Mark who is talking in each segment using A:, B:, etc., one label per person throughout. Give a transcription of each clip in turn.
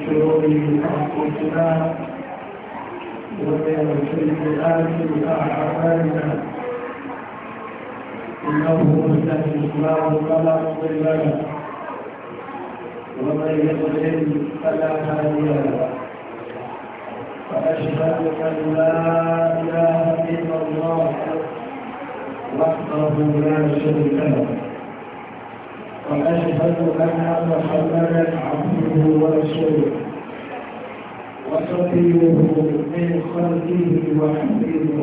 A: شرور أنفسنا ومن سيئات أعمالنا إنه من الله فلا مضل له ومن يضلل فلا هادي له وأشهد أن لا إله إلا الله وحده لا شريك له وأشهد أن محمدا عبده ورسوله وصفيه من خلقه وحبيبه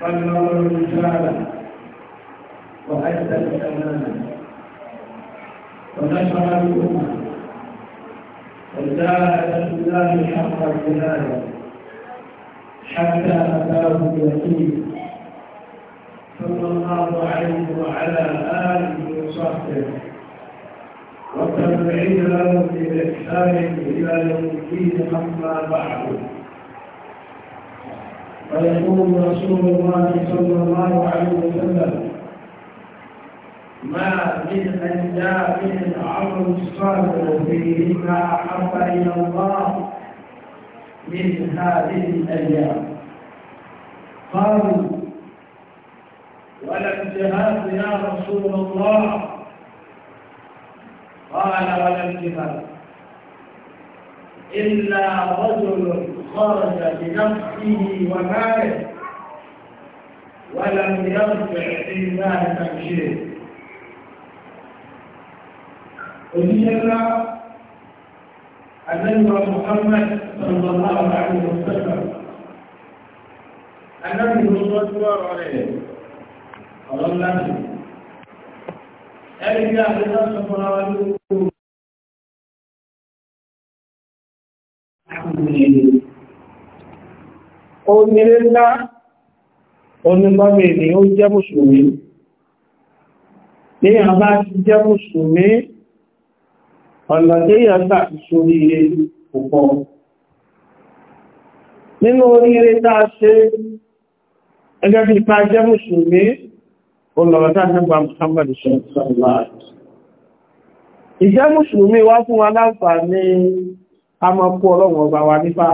A: بلغ الرسالة وأدى الأمانة ونشر الأمة وجاهد الله حق الجهاد حتى أتاه اليقين صلى الله عليه وعلى وسلم والتابعين بإحسان إلى يوم الدين أما بعد فيقول رسول الله صلى الله عليه وسلم ما من أجزاء العمل الصالح فيهما أحب إلى الله من هذه الأيام قالوا ولم اجتهاد يا رسول الله قال ولا انتفاع إلا رجل خرج بنفسه وماله ولم يرجع إلا تمشيه وجينا النبي محمد صلى الله عليه وسلم النبي صلى الله عليه وسلم ẹ̀rí bí àgbẹ̀dá sọ fún ara ló
B: kó o nílé ńlá onígbàmì ni ó jẹ́ mùsùlùmí ní àbá ti jẹ́ mùsùlùmí ọ̀nà tí yà gbà ìṣòrí púpọ̀ nínú oríire tá ṣe ẹgbẹ́ bí pa jẹ́ mùsùlùmí olọ̀rọ̀dá nígbà Muhammad ìjẹ́ mùsùlùmí wá fún wa láǹfààní a máa kú ọlọ́run ọba wa nípa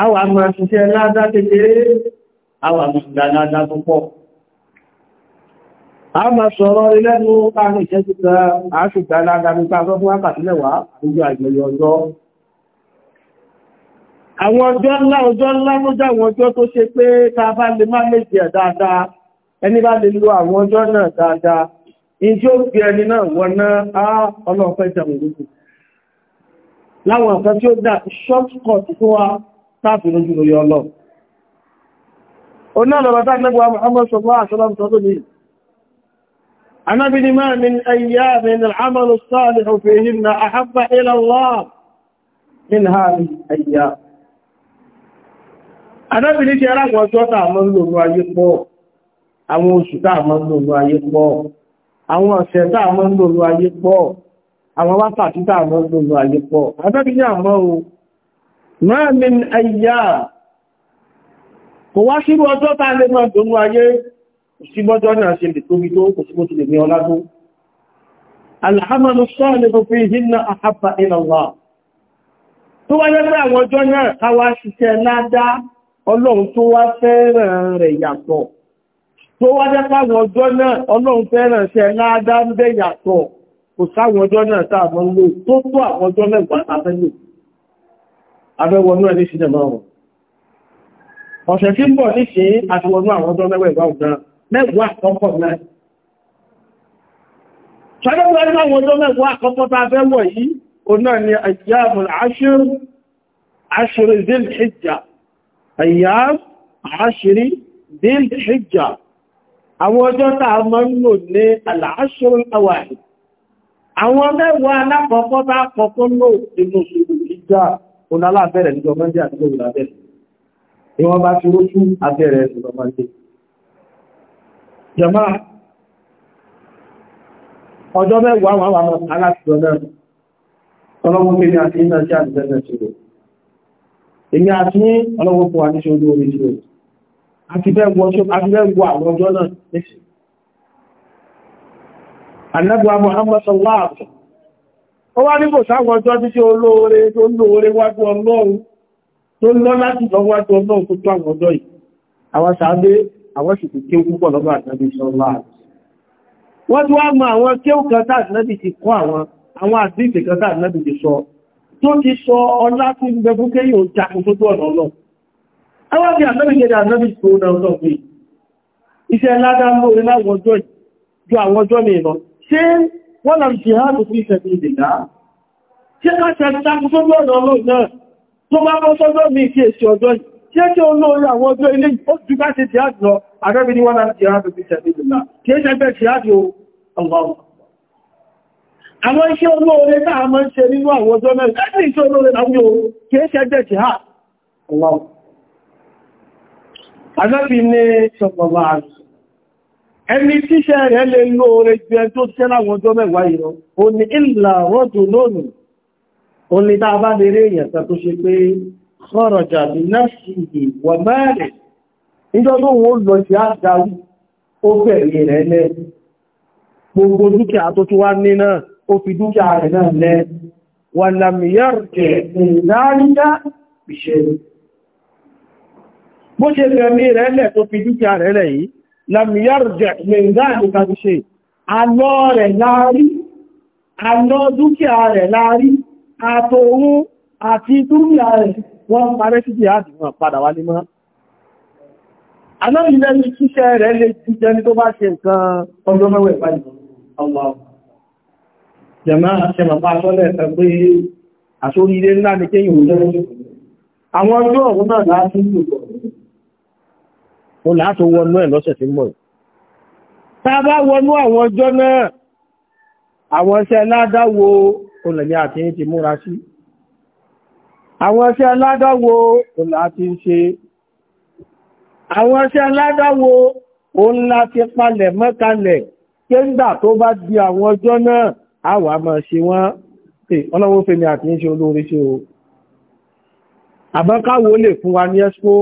B: àwọn àmà ṣiṣẹ́ ládá kékeré àwọn àmà ládá tó pọ̀ a máa sọ̀rọ̀ ilẹ́nu láàrin ìṣẹ́ títà àṣùgbà ládá nípa sọ fún wákàtí mẹ́wàá ojú àjẹyọ ọjọ́ àwọn ọjọ́ ńlá ọjọ́ ńlá ló jáwọn ọjọ́ tó ṣe pé ta bá lè má méjì ẹ̀ dáadáa ẹni bá lè lo àwọn ọjọ́ náà dáadáa in tí ó gbé ẹni náà wọná á ọlọ́ọ̀fẹ́ jẹmùgbùkù láwọn ọ̀kan tí ó dá shortcut tó wá táàfì lójú lórí ọlọ́ oná lọ́rọ̀ tágbẹ́gbà Muhammad sallallahu alaihi wasallam tó ní anábìnrin máa min ayyamin al ayé pọ̀ àwọn oṣù táà mọ́ lòlò ayé pọ̀ àwọn ọ̀sẹ̀ táà mọ́ lòlò ayé pọ̀ àwọn wákàtí táà mọ́ lòlò ayé pọ̀ afẹ́bíní àmọ́ o máa min ayyá kò wá sírú ọjọ́ táà lè mọ́ lòlò ayé síbọ́jọ́ náà ṣe lè tóbi tó kò síbó ti lè ní ọlá tó sọ́ọ̀lẹ̀ tó wáyé pé ọlọ́run tó wá fẹ́ràn rẹ̀ yàtọ̀ tó wá jẹ́pá àwọn ọjọ́ náà ọlọ́run fẹ́ràn ṣe láàdá ń bẹ́ yàtọ̀ kò sáwọn ọjọ́ náà sáàmọ́ ń lò tó tó àwọn ọjọ́ mẹ́gbàá tàbẹ́lò abẹ́wọnú ẹni sílẹ̀ máa wọ̀n ọ̀sẹ̀ tí ń bọ̀ ní ṣe àtiwọnú àwọn ọjọ́ mẹ́gbàá ọ̀gbọ̀n mẹ́wàá àkọ́kọ́ náà ṣọ́dọ́gbọ́ ẹni àwọn ọjọ́ àwọn ọjọ́ táa mọ́ ń lò ní àlàáṣọ́rọ̀ àwàrí àwọn mẹ́wàá alákọ̀ọ́kọ́ bá kọ̀ọ̀kọ́ lò nínú ṣùgbù ìjà onálábẹ̀rẹ̀ ní gọmọ́ndé àti gọmọ́ndé ni wọ́n bá fi rójú abẹ́rẹ̀ ní gọmọ́ndé jẹmá ọjọ́ mẹ́wàá wà wọn aláṣọ náà ọlọ́wọ́n pé ní àti iná sí àti àti fẹ́ wọ àwọn ọjọ́ náà nìsí. Annabuwa Muhammad sallallahu Ó wá ní kò sáwọn ọjọ́ títí olóore tó lóore wájú Ọlọ́run tó lọ láti lọ wájú Ọlọ́run tó tó àwọn ọjọ́ yìí. Àwọn sàábé, àwọn sì kéw púpọ̀ lọ́gbà àtàbí sọ́lá. Wọ́n tí wá mọ àwọn kéw kan táàtì náà ti kọ́ àwọn àwọn àdífẹ̀ kan táàtì náà ti sọ tó ti sọ ọlá tí ń bẹ fún kéyìn ó jà kò tó tó ọ̀nà Ọlọ́run àwọn bí àtọ́bí jẹ́ àtọ́bí tó náà sọ pé iṣẹ́ ládámọ́ láwọn ọjọ́ ju àwọn ọjọ́ mi lọ ṣé wọ́n làm ṣe hàn tó fi ṣẹ̀fẹ́ ìdèdá ṣé láṣẹ takú tó lọ́nà ọlọ́run náà tó bá bọ́ sọ́jọ́ mi kí èsì ọjọ́ ṣé kí olóorí àwọn ọjọ́ ilé ó ju bá ṣe tíáàdì lọ àrẹ́bí ní wọ́n làm ṣe hàn tó fi ṣẹ̀fẹ́ ìdèdá kí é ṣẹgbẹ́ tíáàdì o àwọn iṣẹ́ olóore táà máa ń ṣe nínú àwọn ọjọ́ mẹ́rin láti iṣẹ́ olóore láwúyọ kí é ṣẹgbẹ́ tíáàdì Àjọ́bí ní ṣọ̀pọ̀lá àrùsù. Ẹni tíṣẹ́ rẹ̀ lè ló orí jẹ tó tẹ́ láwọn ọjọ́ mẹ́wàá ìrọ̀. O ni ìlà rọ́dù lónìí. O ni tá a bá lè rí èèyàn tà tó ṣe pé sọ́rọ̀jà bí náṣìí wà náà, bó ṣe fẹ̀mí rẹ̀ lẹ̀ tó fi dúkìá rẹ̀ lẹ̀ yìí lamiyarjẹ̀ mẹ́ngáàdì kàbí ṣe alọ́ rẹ̀ láàrí alọ́ dúkìá rẹ̀ láàrí àtòhun àti dúkìá rẹ̀ wọ́n parẹ́ sí jẹ́ àdìmọ̀ padà wálé mọ́ aláìlẹ́ni ṣíṣẹ́ rẹ̀ lè jíjẹ ní tó bá ṣe nǹkan ọjọ́ mẹ́wẹ̀ àwọn ọjọ́ ọ̀hún náà láti ń mo láti wọnú ẹ̀ lọ́sẹ̀ tí mọ̀ tá a bá wọnú àwọn ọjọ́ náà àwọn iṣẹ́ ládáwo olùlẹ̀ àti ní ti múra sí àwọn iṣẹ́ ládáwo olùlẹ̀ àti ń ṣe àwọn iṣẹ́ ládáwo òun láti palẹ̀ mọ́kalẹ̀ kéńgbà tó bá di àwọn ọjọ́ náà àwà máa ṣe wọ́n pé ọlọ́wọ́ fẹ́mi àti ń ṣe olóore ṣe o àbákáwo lè fún wa ní ẹ́sùpó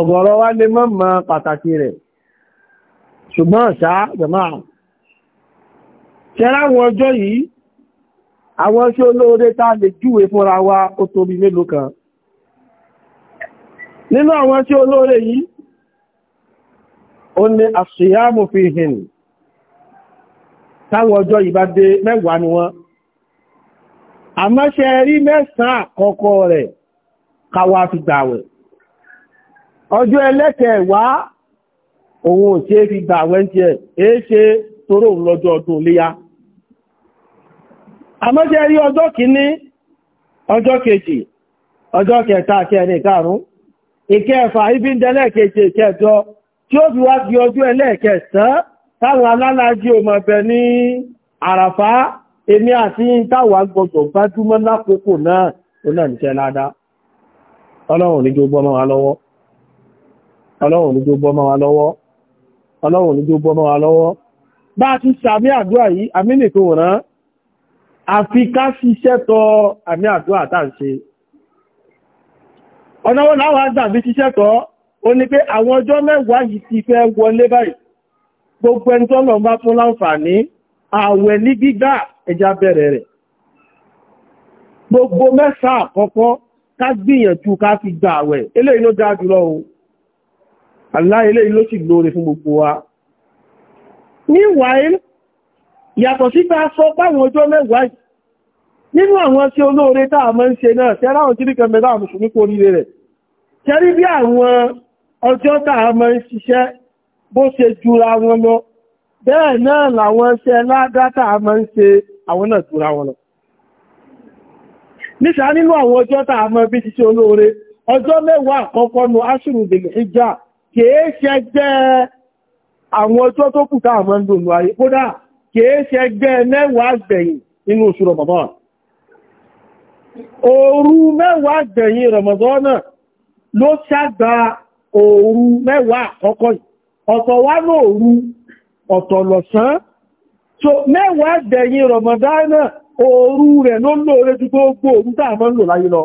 B: ọ̀gọ̀rọ̀ wa lè mọ́ mọ́ pàtàkì rẹ̀ ṣùgbọ́n ṣá jẹ̀mọ́ ṣẹ́rá àwọn ọjọ́ yìí àwọn ṣe olóore tá lè júwe fúnra wa ó tóbi mélòó kan nínú àwọn ṣe olóore yìí ó ní àṣìyàmù fi hìn táwọn ọjọ́ yìí bá dé mẹ́wàá ni wọ́n àmọ́ ṣe rí mẹ́sàn-án àkọ́kọ́ rẹ̀ káwàá fi gbàwẹ̀ ọjọ́ ẹlẹ́kẹ̀ẹ́wàá òun ò ṣe fi gbà wẹ́ntí èé ṣe toró lọ́jọ́ ọdún léyá àmọ́jẹ́ rí ọjọ́ kìíní ọjọ́ kejì ọjọ́ kẹta kẹrin ìkarùn ìkẹfà ibi ń dẹlẹ́kẹjì ìkẹjọ tí ó fi wá ọjọ́ táwọn o ní wa ọlọ́run ní jó bọ́ mọ́ wa lọ́wọ́ ọlọ́run ní jó bọ́ mọ́ wa lọ́wọ́ bá a ti sàmì àdúrà yìí àmì nìkan rán àfi ká ṣiṣẹ́ tọ àmì àdúrà tá à ń ṣe ọ̀nà wọn láwọn àgbàmí ṣiṣẹ́ tọ́ ó ní pé àwọn ọjọ́ mẹ́wàá yìí ti fẹ́ wọlé báyìí gbogbo ẹni Allah ilé ló sì lóore fún gbogbo wa. Meanwhile, yàtọ̀ sí bá sọ páwọn ọjọ́ mẹ́wàá yìí, nínú àwọn tí olóore táà mọ́ ń ṣe náà, tẹ́rà àwọn tí nìkan mẹ́ta àmùsùn ní kò nílé rẹ̀. Tẹ́rí bí àwọn ọjọ́ táà mọ́ ń ṣiṣẹ́ bó ṣe jura wọn lọ, bẹ́ẹ̀ náà làwọn ṣẹ́ ládá táà mọ́ ń ṣe àwọn náà jura wọn lọ. Níṣà nínú àwọn ọjọ́ táà mọ́ bí ṣiṣẹ́ olóore, ọjọ́ mẹ́wàá àkọ́kọ́ nu Ashuru Bil Hijjah kìí ṣe jẹ́ àwọn ọjọ́ tó kù táà mọ́ ń dùn ayé kódà kìí jẹ́ mẹ́wàá gbẹ̀yìn oṣù òru mẹ́wàá gbẹ̀yìn Ramadan ló ṣàgbà òru mẹ́wàá àkọ́kọ́ ọ̀tọ̀ wá ọ̀tọ̀ lọ̀sán so mẹ́wàá gbẹ̀yìn Ramadan náà rẹ̀ ló lóore ju tó gbó táà mọ́ ń lò láyé lọ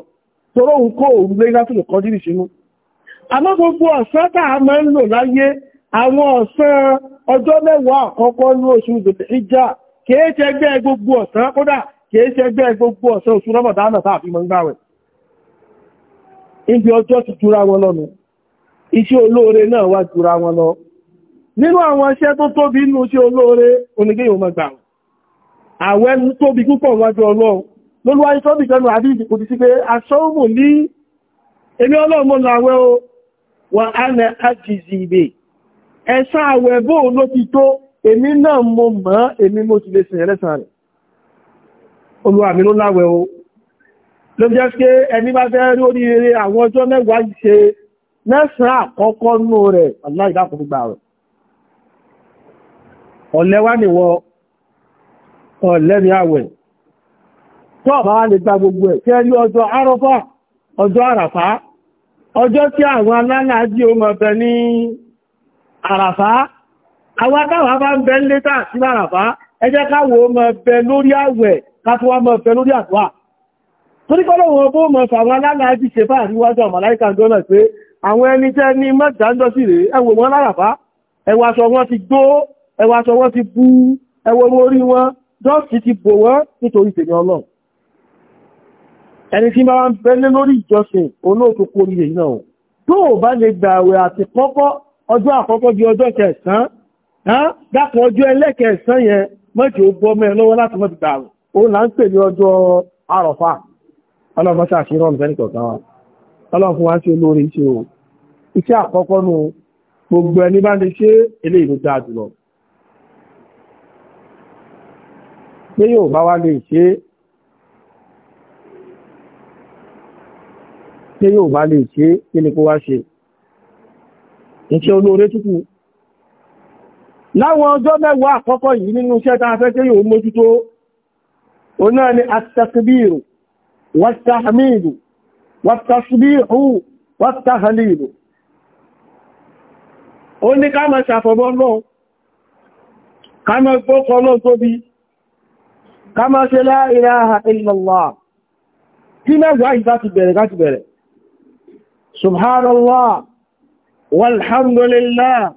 B: àmọ́ gbogbo ọ̀sán ka a máa ń lò láyé àwọn ọ̀sán ọjọ́ mẹ́wàá àkọ́kọ́ ní oṣù ìjà kìí ṣẹgbẹ́ gbogbo ọ̀sán kódà kìí ṣẹgbẹ́ gbogbo ọ̀sán oṣù rọ́mọ̀dánà tààfin mọ́ gbáwẹ̀ ibi ọjọ́ ti wọn lọ èmi ọlọ́run mọ́ lọ wà ánà ájìzì ibè ẹ̀sán àwẹ̀ bó ló ti tó èmi náà mo mọ̀ èmi mo ti lè sìn ẹlẹ́sàn rẹ̀ olúwa mi ló láwẹ̀ o ló jẹ́ pé ẹni bá fẹ́ rí oríire àwọn ọjọ́ mẹ́wàá yìí ṣe mẹ́sàn àkọ́kọ́ nú rẹ̀ aláìdákùnrin rẹ̀ ọ̀lẹ́wà níwọ ọ̀lẹ́ni àwẹ̀ tó ọ̀bá wá lè gba gbogbo ẹ̀ kẹ́ rí ọjọ́ àrọ́fà ọjọ́ àràfà ọjọ́ tí àwọn alálàájí o mọ̀ bẹ ní àràfá àwọn akáwà bá ń bẹ létà sí àràfá ẹjẹ́ káwò mọ̀ bẹ lórí àwẹ̀ káfíwá mọ̀ bẹ lórí àdúà torípọ́lọ̀wọ̀n bó mọ̀ fàwọn alálàájí ṣe bá àríwájú àmàláìkà jọ́nà pé àwọn ẹni tẹ́ ẹni tí bá wá ń bẹ́lé lórí ìjọsìn olóòtú kó orí èyí náà tó ò bá lè gbà àwẹ̀ àti kọ́kọ́ ọjọ́ àkọ́kọ́ di ọjọ́ kẹsàn-án dákùn ọjọ́ ẹlẹ́kẹsàn yẹn mọ́tí ó bọ́ mẹ́rin lọ́wọ́ láti mọ́ ti gbà àwẹ̀ òun là ń pè ní ọjọ́ àrọ̀fà ọlọ́run mọ́tí àṣírọ́ ọ̀nà fẹ́nìkọ̀ kan wa ọlọ́run fún wa ṣe olóore iṣẹ́ o iṣẹ́ àkọ́kọ́ nu gbogbo ẹni bá lè ṣe eléyìí ló dáa jùlọ pé yóò tí yóò bá lè ṣe kí ní kó wá ṣe iṣẹ́ olóore túkù láwọn ọjọ́ mẹ́wàá àkọ́kọ́ yìí nínú iṣẹ́ tàà fẹ́ tí yóò mójútó o náà ni at-takbiru wat-tahmidu wat-tasbihu wat-tahlilu ó ní ká máa ṣàfọ̀bọ́ náà ká máa gbọ́kọ̀ náà tóbi ká máa ṣe la ilaha illallah tí mẹ́wàá ìbá ti bẹ̀rẹ̀ ká ti bẹ̀rẹ̀ سبحان الله والحمد لله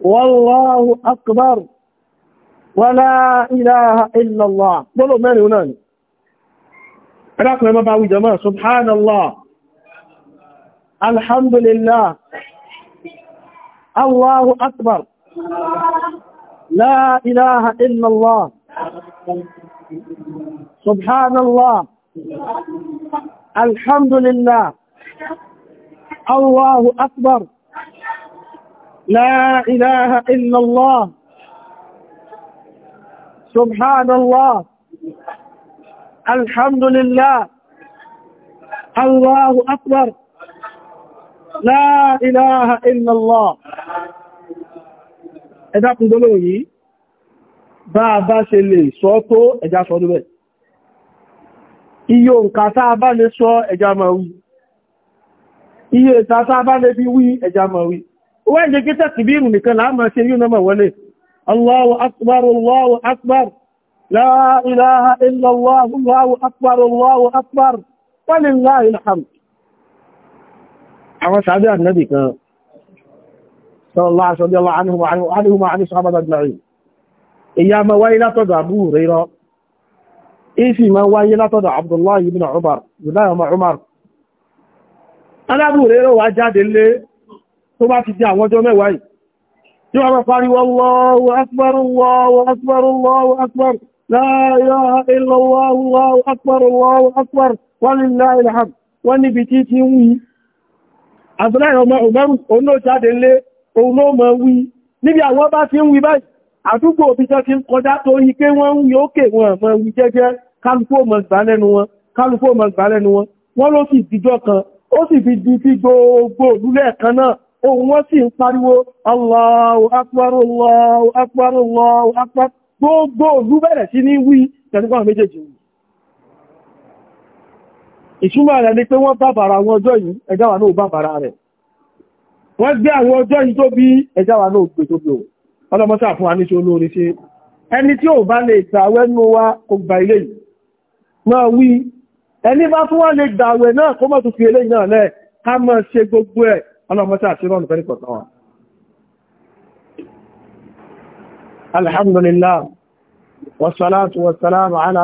B: والله أكبر ولا إله إلا الله قلوا ماني وناني راكم ما جماعة سبحان الله الحمد لله الله أكبر لا إله إلا الله سبحان الله الحمد لله الله أكبر لا إله إلا الله سبحان الله الحمد لله الله أكبر لا إله إلا الله ẹ̀dá kùn gbọ́lọ̀ yìí bá a bá ṣe lè sọ tó ẹjá sọ ọdún bẹ̀ iye òǹkà tá a bá lè sọ ẹjá máa wí iye ìtàtà bá lè bí wí ẹja ma wí o wa jẹ́ kí tàkìbírù nìkan ma ṣe yíò ma wọlé Allahu akbar Allahu akbar la ilaha illa Allah Allahu akbar Allahu akbar walillahi alhamd àwọn sàbí nabi kan sallallahu alaihi wa anhu wa anhu wa anhu sahaba ajma'in iya ma wa ila to Abu Hurairah isi ma wa wáyé látọ̀dọ̀ Abdullah ibn Umar ibn Umar alábùrẹ́ rọ wá jáde lé tó bá ti di àwọn ọjọ́ mẹ́wàá yìí tí wọ́n bá pariwo Allahu akbar Allahu akbar Allahu akbar la ilaha illa Allah Allahu akbar Allahu akbar walillahil hamd wọ́n níbi tí ti ń wí àbúláì ọmọ òmẹ́rù òun ló jáde lé òun ló mọ̀ wí níbi àwọn bá ti ń wí báyìí àdúgbò ó sì fi di gbogbo òlúlẹ̀ kan náà ohun wọ́n sì ń pariwo Allahu Akbar Allahu Akbar Allahu gbogbo olubere si ni ní wí tẹ̀síkọ́ méjèèjì ìtumọ̀ rẹ̀ ni pé wọ́n bàbàrà àwọn ọjọ́ yìí ẹjáwà náà bàbàrà rẹ̀ wọ́n gbé àwọn ọjọ́ yìí tó bí ẹjáwà náà gbé tó bí ọlọ́mọ́sá fún wa ní ṣe olóorí ṣe ẹni tí ò bá lè ẹni bá tún wá lè naa náà kó mọ́ tún fi eléyìí náà lẹ́ ká mọ́ ṣe gbogbo ẹ̀ ọlọ́mọ́sí àṣírọ́nù fẹ́ wa ala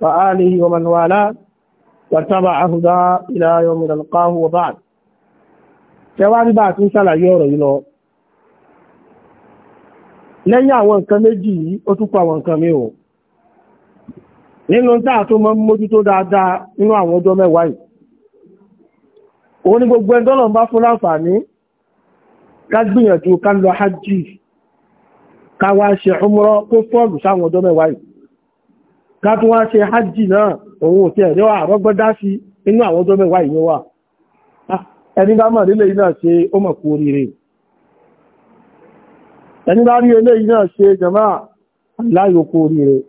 B: wa alihi wa man wa tabi'a huda ila yawm wa ba'd lẹ́yìn àwọn nǹkan méjì yìí ó nínú táà tó mọ́ mójútó dáadáa nínú àwọn ọjọ́ mẹ́wàá yìí o ní gbogbo ẹ̀dọ́lọ̀ bá fún láǹfààní ká gbìyànjú ká lọ wá ṣe ọmọrọ kó sáwọn ọjọ́ mẹ́wàá yìí ká tún wá ṣe hajji náà òun ò àrọ́gbọ́dá sí inú àwọn ọjọ́ mẹ́wàá yìí wà ah,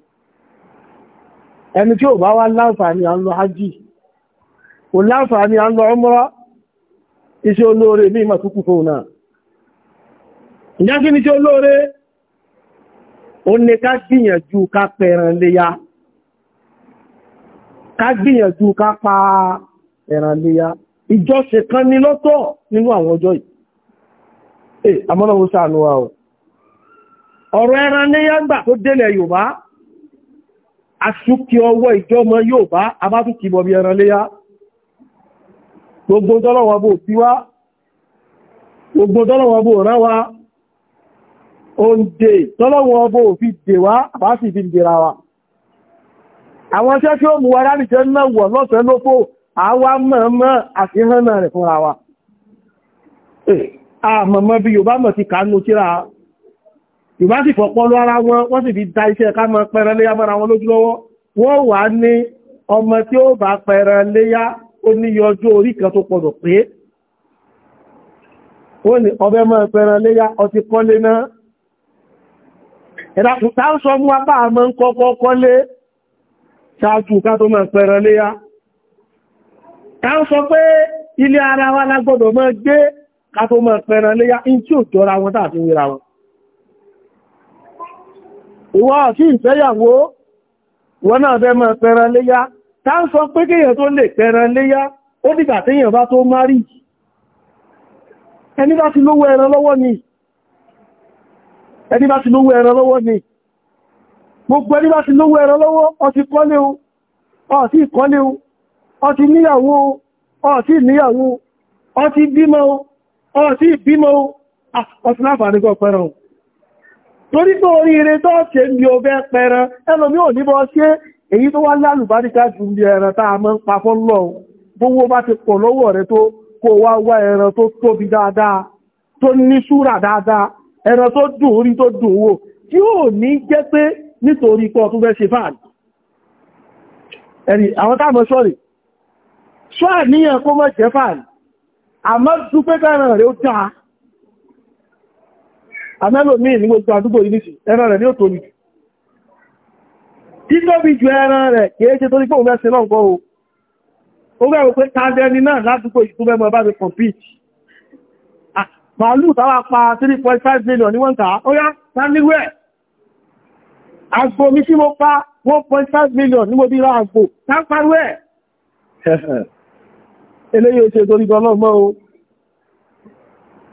B: ẹni tí ò bá wá láǹfààní à ń lọ hajji kò láǹfààní à ń lọ umra iṣẹ́ olóore ní ìmọ̀ túnkù fún náà ju ní iṣẹ́ olóore ní ká gbìyànjú ká léyá ká gbìyànjú ká pa ẹran léyá ìjọ́sí kan lọ́tọ̀ nínú àwọn ọjọ́ yìí ọ̀rọ̀ ẹran léyá asúkí ọwọ́ ìjọmọ yóò bá abátúkì bọ̀bí ẹran léyá gbogbo tọ́lọ́wọ́ bò tí wá gbogbo tọ́lọ́wọ́ bò rán wa oúnjẹ tọ́lọ́wọ́ bò fi dè wá àbá sì fi dèrà wa àwọn iṣẹ́ tí ó mú wa ránìṣẹ́ náà wọ̀ lọ́sẹ̀ lófò àwa mọ̀ọ́mọ́ àfihàn náà rẹ̀ fúnra wa àmọ̀mọ́ eh, ìbá sì fọ̀pọ̀ lọ ara wọn wọ́n sì fi da iṣẹ́ ká mọ pẹran léyá mọ́ra wọn lójú lọ́wọ́ wọ́n wà ní ọmọ tí ó bá pẹran léyá ó ní yọjú orí kan tó pọ̀dọ̀ pé ó ní ọbẹ̀ mọ́ pẹran léyá ọtí kọ́lé náà ẹ̀dà ń sọ mú apá àmọ́ ń kọ́kọ́ kọ́lé ṣáájú ká tó mọ́ pẹran léyá tá ń sọ pé ilé ara wa lágbọ́dọ̀ ìwọ́ àti ìfẹ́yàwó wọ́n náà fẹ́ mọ́ pẹran léyá Ta ń sọ pé kéèyàn tó lè pẹran léyá ó dìgbà téèyàn bá tó márì ẹni bá ti lówó ẹran lọ́wọ́ ni ẹni bá ti lówó ẹran lọ́wọ́ ni gbogbo ẹni bá ti lówó ẹran lọ́wọ́ ó kọ́lé o ó ti kọ́lé o ó ti níyàwó ó ti níyàwó ó bímọ ó ti bímọ ah, ó ti láǹfààní kọ́ pẹran o torí tó oríire tó ṣe ń bí o fẹ́ pẹran ẹlòmí ò ní bọ́ ṣe èyí tó wá lálùbáríkà jù ní ẹran tá a mọ́ ń pa fọ́lọ́ gbogbo bá ti pọ̀ lọ́wọ́ rẹ tó kó wá wá ẹran tó tóbi dáadáa tó ní súrà dáadáa ẹran tó dùn orí tó dùn wò tí ò ní jẹ́ pé nítorí pọ̀ tó fẹ́ ṣe fáàlì àmẹ́lò míì ní gbogbo àdúgbò yìí nìsì ẹran rẹ̀ ní ò tóbi títóbi ju ẹran rẹ̀ kìí ṣe tó ní pòun mẹ́sìn náà gbọ́ o ó bẹ̀rù pé tàbí náà ládùúgbò ìtú mẹ́mọ̀ bá ti compete màálù táwà pa 3.5 million ní wọ́n tàá ó yá sáníwẹ̀ àgbò mi tí mo pa 1.5 million ní mo bí ra àgbò sáfàwẹ̀ eléyìí ó ṣe torí gan náà mọ́ o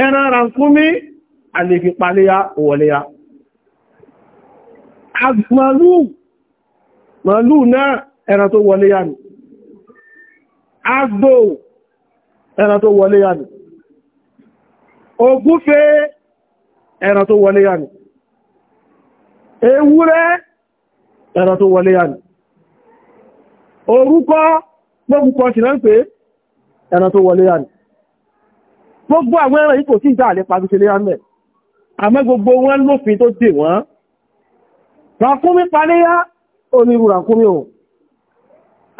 B: ẹran ràkúnmí àlèfipáléyá òwọléyá màálù náà ẹran tó wọléyá ni àgbò ẹran tó wọléyá ni ògúfe ẹran tó wọléyá ni ewúrẹ́ ẹran tó wọléyá ni orúkọ gbogbo kan sí pé ẹran tó wọléyá ni gbogbo àwọn ẹran yìí kò sí ìdá àlẹ́ pàtó ṣẹlẹ̀ àmẹ́ àmọ́ gbogbo wọn lófin tó dè wọ́n ràkúnmí paléyá onírú ràkúnmí o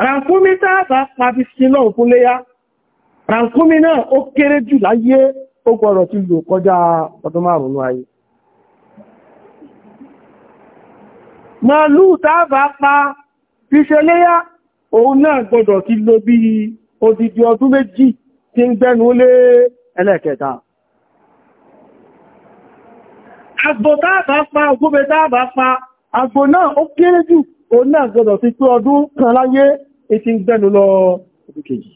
B: ràkúnmí tààtà pàtí sí náà fún léyá ràkúnmí náà ó kéré jù láyé ó gbọ́rọ̀ ti lò kọjá ọdún márùn-ún ayé màálù tààtà pa fi òun náà gbọ́dọ̀ ti lò bí odidi ọdún méjì tí ń gbẹ́nu lé ẹlẹ́ẹ̀kẹta agbo táàbà pa ogúnbe táàbà pa agbo náà ó kéré jù ó náà gbọdọ̀ fi tó ọdún kan láyé ètí ń gbẹ́nu lọ ọdún kejì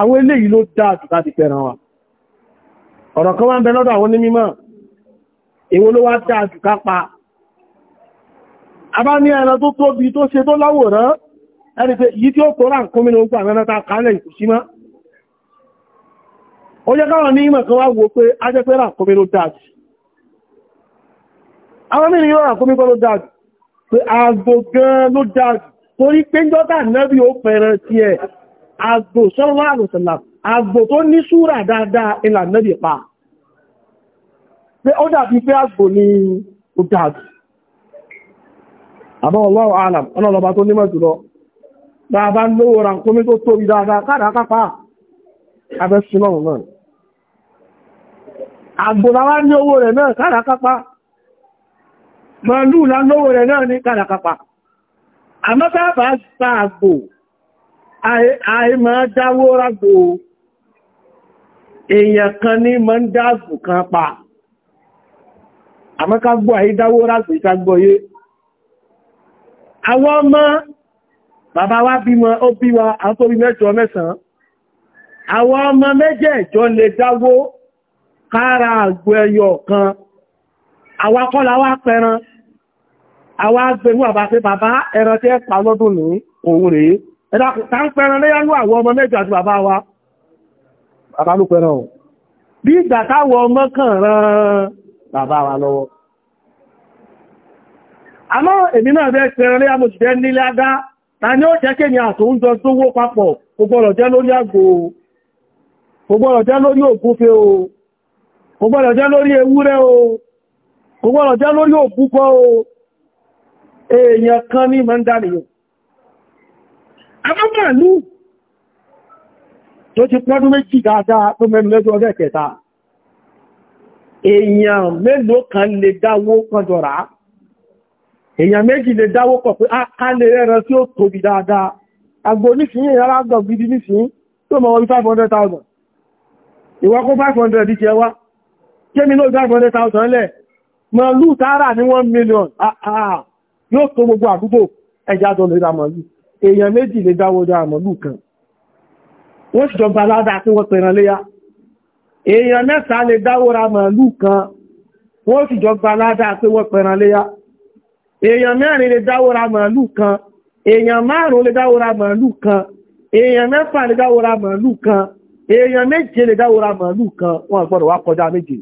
B: àwọn eléyìí ló dáa jù láti pẹ̀ràn wa ọ̀rọ̀ kan wá ń bẹ lọ́dọ̀ àwọn ní mímọ̀ èwo ló wá dáa jù ká pa a bá ní ẹran tó tóbi tó ṣe tó láwòrán ẹni pé yí tí ó kó ránkúnmínú gbà mẹ́rẹ́ta kálẹ̀ ìkùsímọ́ ó jẹ́ káwọn ní ìmọ̀ kan wá wo pé a jẹ́ pé ràkúnmí ló dájú àwọn mìíràn yóò ràkúnmí kọ́ ló dájú pé àgbò gan ló dájú torí pé jọ́ta nẹ́bí ó fẹ́ràn tí ẹ̀ àgbò sọ́rọ̀ àrùsànlá àgbò tó ní pa pé ó dàbí pé àgbò ní ó alam ọlọ́lọ́ba tó nímọ̀ jùlọ bá a bá lówó ràkúnmí tó tóbi dáadáa káàdà kápá abẹ́sùn náà náà àgbòláwá ní owó rẹ̀ náà kàràkápá màálù lá lówó rẹ̀ náà ní kàràkápá àmọ́tàbà sa àgbò àìmọ̀ dáwó rágbò èèyàn kan ní mọ́ ń dáàbò kan pa àmọ́kágbò àìdáwó rágbò ìtagbòye àwọn ọmọ bàbá wa bímọ ó bí wa àwọn tó bí mẹ́jọ mẹ́sàn-án àwọn ọmọ méjèèjọ lè dáwó kára àgbò ẹyọ kan àwa kọ́lá wá pẹran àwa agbẹ̀rún àbáfẹ́ bàbá ẹran tí ẹ pa lọ́dún ní òun rèé ẹ̀dàkùn tá ń pẹran léyánú àwọn ọmọ mẹ́jọ àti bàbá wa bàbá ló pẹran ọ̀ bí ìgbà táwọ ọmọ kàn rán bàbá wa lọ́wọ́ àmọ́ èmi náà bẹ́ pẹran léyánú ti jẹ́ nílé adá ta ni ó jẹ́ kí ni àtò oúnjẹ tó wó papọ̀ kò gbọ́dọ̀ jẹ́ lórí àgbò kò gbọ́dọ̀ jẹ́ lórí ògúnfe o kò gbọ́dọ̀ jẹ́ lórí ewúrẹ́ o kò gbọ́dọ̀ jẹ́ lórí òbúkọ o èèyàn kan ní mọ́ ń dánìyàn agbọ́gbàlú tó ti pọ́dún méjì dáadáa tó mẹ́rin lẹ́jọ́ ọjọ́ ìkẹta èèyàn mélòó kan lè dáwó kan jọra èèyàn méjì lè dáwó kọ̀ pé a ah, lè rẹran tí ó tóbi dáadáa agbo nísìnyí ìyára gọ̀gidi nísìnyí tó mọ̀ wọ́n 500,000 ìwọ́kún 500 díjẹ wá kémi ló dá 100,000 lẹ̀ màálù tààrà ní 1 million àà ah, ah. yóò tó gbogbo àdúgbò ẹja tó lè ra màálù èèyàn méjì lè dáwó dá màálù kan wọ́n sì jọba aládá tí wọ́n pẹ̀ràn léyá èèyàn mẹ́ta lè dáwó ra màálù kan wọ́n sì jọba aládá tí wọ́n pẹ̀ràn léyá èèyàn mẹ́rin lè dáwó ra màálù kan èèyàn márùn lè dáwó ra màálù kan èèyàn mẹ́fà lè dáwó ra màálù kan èèyàn méje lè dáwó ra màálù kan wọ́n gbọ́dọ̀ wá kọjá méje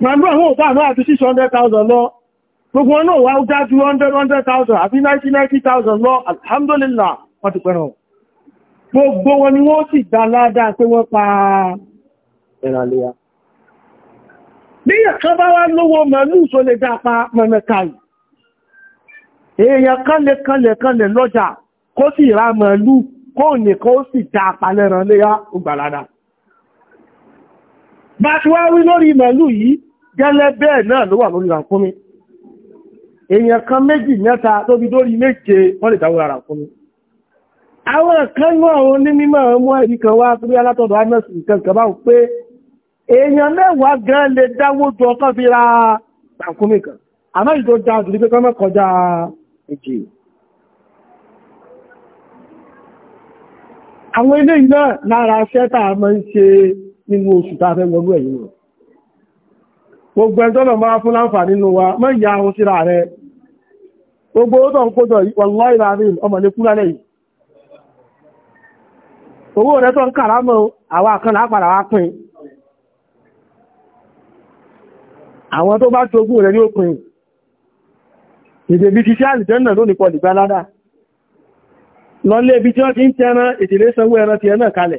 B: Màmú àwọn òbá àmá àti 600,000 lọ, gbogbo wọn náà wá ó já ju 100,000 àbí 90,000 lọ, alhamdulillah, wọ́n ti pẹ̀rọ. Gbogbo wọn ni wọ́n sì dá ládáa pé wọ́n pa ẹ̀rànlẹ́yà. Bí ẹ̀kan bá wá lówó màlúù tó lè dá pa mẹ́mẹ́kàì. Èèyàn kánlẹ̀ kánlẹ̀ kánlẹ̀ lọ́jà kó sì ra màlúù kó nìkan ó sì dá pa lẹ́rànlẹ́yà ó gbàládàá bá ti wá wí lórí màálù yìí gẹ́lẹ́ bẹ́ẹ̀ náà ló wà lórí ràkúnmí èèyàn kan méjì mẹ́ta tóbi lórí méje wọ́n lè dáwọ́ ràkúnmí àwọn kan náà wọn ní mímọ̀ ọmọ ẹ̀rí kan wá torí alátọ̀dọ̀ anẹ́sì nǹkan kan báwọn pé èèyàn mẹ́wàá gan lè dáwó jọ kán fi ra ràkúnmí kan àmọ́ ìjọ da àdúrí pé kán mọ́ kọjá èjì àwọn ilé iná lára ṣẹ́ta máa ń ṣe nínú oṣù taa wọnú ẹ̀yìn rẹ̀ gbogbo ẹjọ́nà máa fún láǹfà nínú wa mọ́ ìyá ahun síra rẹ̀ gbogbo ó tàn kójọ wọ́nlọ́ ìlàrin ọmọ ní kúrẹ́lẹ̀ yìí owó rẹ̀ tán kàrámọ́ àwọn e àpàdà wá pín àwọn tó lé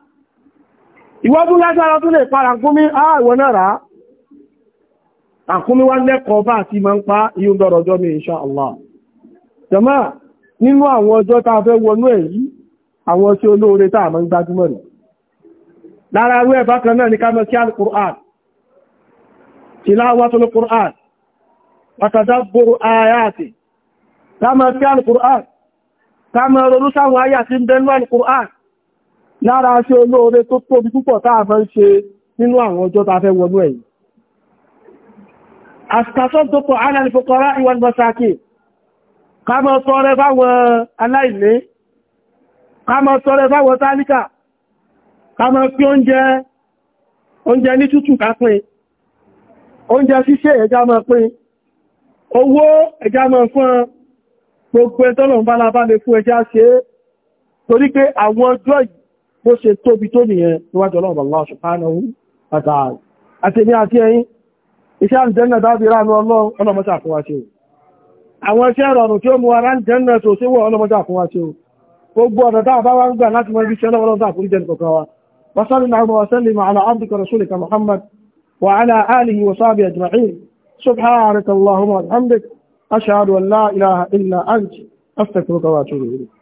B: ìwọ́dún lágbára tó lè para kúmí ààwọ̀ náà rá àkúmí wá lẹ́kọ̀ọ́ bá ti ma ń pa yíò dọ̀rọ̀ ọjọ́ mi insha Allah jama nínú àwọn ọjọ́ tá fẹ́ wọnú ẹ̀ yìí àwọn tí olóore tá ma ń gbájúmọ̀ rẹ̀ lára wẹ́ bákan náà ní ká lára ṣe olóore tó tóbi púpọ̀ táà fẹ́ ṣe nínú àwọn ọjọ́ ta fẹ́ wọnú ẹ̀yìn àṣìkàṣọ́ tó pọ̀ alẹ́lẹ́fọ́kọ́rá ìwọ̀n bọ́sáàkì kámọ́ tọrẹ fáwọn aláìní kámọ́ tọrẹ fáwọn tálíkà kámọ́ pí oúnjẹ ní tútù kápín oúnjẹ ṣíṣe ẹjá mọ́ pín owó ń bá lábá lè fún ẹjá ṣe torí pé àwọn ọjọ́ yìí bó ṣe tóbi tó nìyẹn níwájú ọlọ́run Allah subhanahu wa ta'ala àtẹ̀mí àti ẹ̀yin iṣẹ́ àjẹ́nà dábí ránú ọlọ́mọ́sà fún wa ṣe o àwọn iṣẹ́ rọrùn tí ó mú ara jẹ́nà tó ṣe wọ́ ọlọ́mọ́sà fún wa ṣe o gbogbo ọ̀nà tá àbá wá ń gbà láti mọ́ ibi ṣe ọlọ́mọ́sà fún jẹ́ nìkọ̀kan wa wasalli na wa sallim ala abdika rasulika muhammad wa ala alihi wa sahbihi ajma'in subhanaka allahumma wa bihamdik ashhadu an la ilaha illa anta astaghfiruka wa atubu ilayk